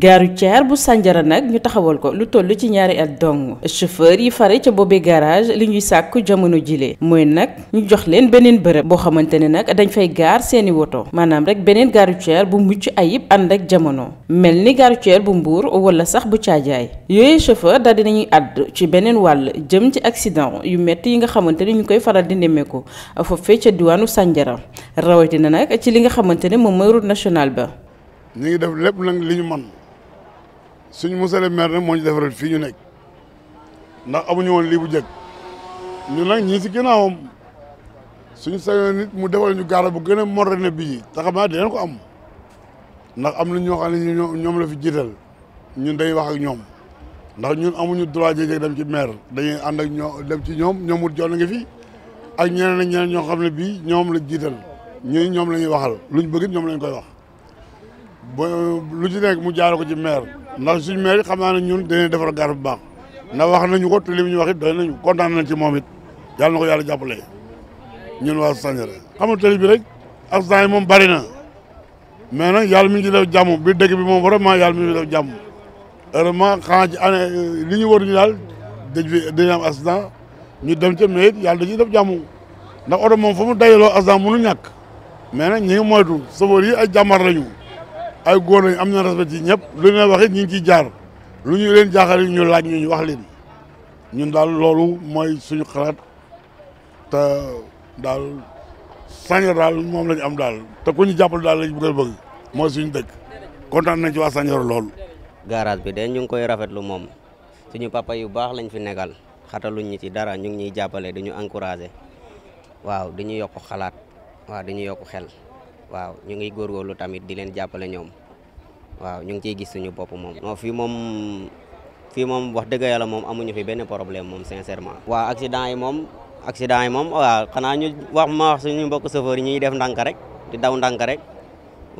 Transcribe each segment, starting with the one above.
gare routière bu sànjara nag ñu taxawal ko lu toll ci ñaari at dong chauffeur yi fare ca boobee garage li ñuy sàkku jamono jile mooy nag ñu jox leen beneen bërëb boo xamante ne nag dañ fay gaar seeni woto maanaam rek beneen gare bu mucc ayib ànd ak jamono mel ni gare bu Mbour wala sax bu Caajaay yooyu chauffeur daal dinañuy àdd ci beneen wàll jëm ci accident yu metti yi nga xamante ni ñu koy faral di nemmeeku foofee ca diwaanu sànjara rawatina nag ci li nga xamante ne moom mooy route ba. ñu ngi lépp nag li suñu monsieur le maire nag moo ñu defaral fii ñu nekk ndax amuñu woon lii bu njëkk ñun nag ñii si ginnaawam suñu sañoon nit mu defal ñu gaara bu gën a moderne bii te xam naa dinañ ko am ndax am na ñoo xam ne ñoom la fi jiital ñun day wax ak ñoom ndax ñun amuñu droit jéeg dem ci maire dañuy ànd ak ñoo dem ci ñoom ñoom wut joon nga fi ak ñeneen ak ñeneen ñoo xam ne bii ñoom la jiital ñun ñoom la ñuy waxal luñ bëgg it ñoom lañ koy wax ba lu ci nekk mu jaaree ko ci maire. ndax suñ maire xam naa ne ñun dañuy defar gaar bu baax ndax wax nañu ko te li ñu wax it doy nañu kontaan nañ ci moom it yàlla ko yàlla jàppale ñun waa Sandiara xam nga tali bi rek accident yi moom bari na mais nag yàlla mi ngi def jàmm bi dëkk bi moom vraiment yàlla mi ngi def jàmm heureusement xanaa ci li ñu war ñu daal dëj bi dañu am accident ñu dem ca mais it yàlla da ciy def jàmm ndax oto moom fu mu dayaloo accident mënu ñàkk mais nag ñu ngi moytu sofër yi ay jàmbar lañu ay góor lañ am na respect ci ñëpp lu leen wax it ñu ngi ciy jaar lu ñu leen jaaxal ñu laaj ñu wax leen ñu daal loolu mooy suñu xalaat te daal Sandiara daal moom lañu am daal te ku ñu jàppale daal lañ bëgg bëgg mooy suñu dëkk kontaan nañ ci waa Sandiara loolu. garage bi de ñu ngi koy rafetlu moom suñu papa yu baax lañ fi nekkal xataluñ ñu ci dara ñu ngi ñuy jàppale di ñu encouragé waaw di ñu yokk xalaat waaw di ñu yokk xel. waaw ñu ngi góorgóorlu tamit di leen jàppale ñoom waaw ñu ngi ciy gis suñu bopp moom. non fii moom fii moom wax dëgg yàlla moom amuñu fi benn problème moom sincèrement. waa accident yi moom accident yi moom waaw xanaa ñu wax ma wax suñu mbokk chauffeur yi ñuy def ndànk rek di daw ndànk rek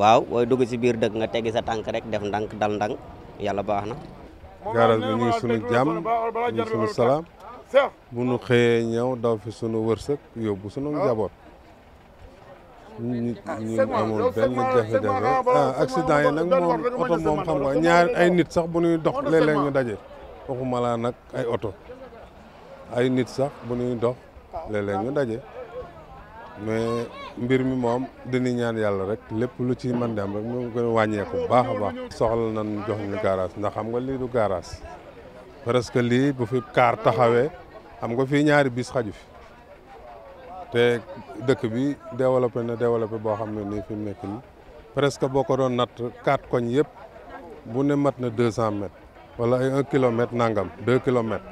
waaw booy dugg si biir dëkk nga teggi sa tànk rek def ndànk dal ndànk yàlla baax na. gaaral bi ñu sunu jàmm ñu sunu salaam bu nu xëyee ñëw daw fi sunu wërsëg yóbbu sunu njaboot. nit ah, ñi amul benn jafe-jafe ah yi nag moom oto moom xam nga ñaar ay nit sax bu nuy dox léeg ñu daje waxuma laa nag ay oto ay nit sax bu ñuy dox léeg ñu daje mais mbir mi moom dañuy ñaan yàlla rek lépp lu ci mën di am rek mu gën a wàññeeku bu baax a baax. soxla nañ jox ñu garage ndax xam nga lii du garage presque lii bu fi kaar taxawee xam nga fii ñaari bis xaju fi. te dëkk bi développé na développé boo xam ne nii fi mu nekk presque boo ko doon natt quatre koñ yëpp bu ne mat na deux cent mètres wala ay un kilomètre nangam deux kilomètres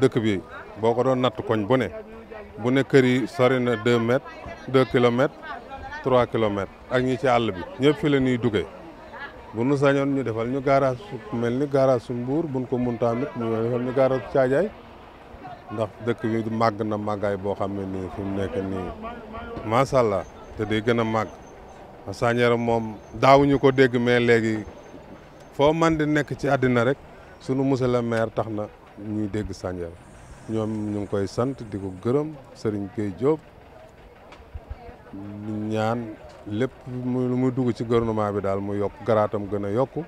dëkk bi boo ko doon natt koñ bu ne bu ne kër yi sori na deux mètres deux kilomètres trois kilomètres ak ñi ci àll bi ñëpp fi la ñuy duggee bu nu sañoon ñu defal ñu garage mel ni garage su Mbour buñ ko mun ñu defal ñu garage Caajaay ndax dëkk bi màgg na màggaay boo xam ne nii fi mu nekk nii macha allah te day gën a màgg Sandiara moom daawuñu ko dégg mais léegi foo man di nekk ci àddina rek sunu monsieur le tax na ñuy dégg Sandiara ñoom ñu ngi koy sant di ko gërëm sëriñ Gueye Diop ñaan lépp lu muy dugg ci gouvernement bi daal mu yokk garaatam gën a yokku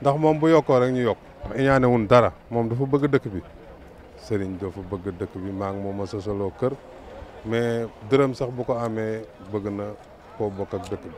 ndax moom bu yokkoo rek ñu yokk ndax iñaane wun dara moom dafa bëgg dëkk bi doo dafa bëgg dëkk bi maa ngi moom ma sosaloo kër mais dërëm sax bu ko amee bëgg na koo bokk ak dëkk bi